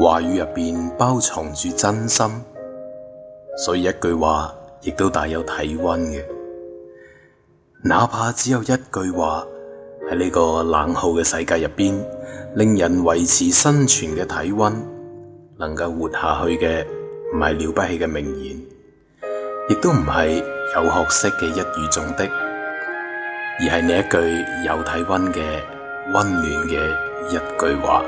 話語入邊包藏住真心，所以一句話亦都帶有體溫嘅。哪怕只有一句話喺呢個冷酷嘅世界入邊，令人維持生存嘅體溫，能夠活下去嘅唔係了不起嘅名言，亦都唔係有學識嘅一語中的，而係你一句有體溫嘅。溫暖嘅一句話。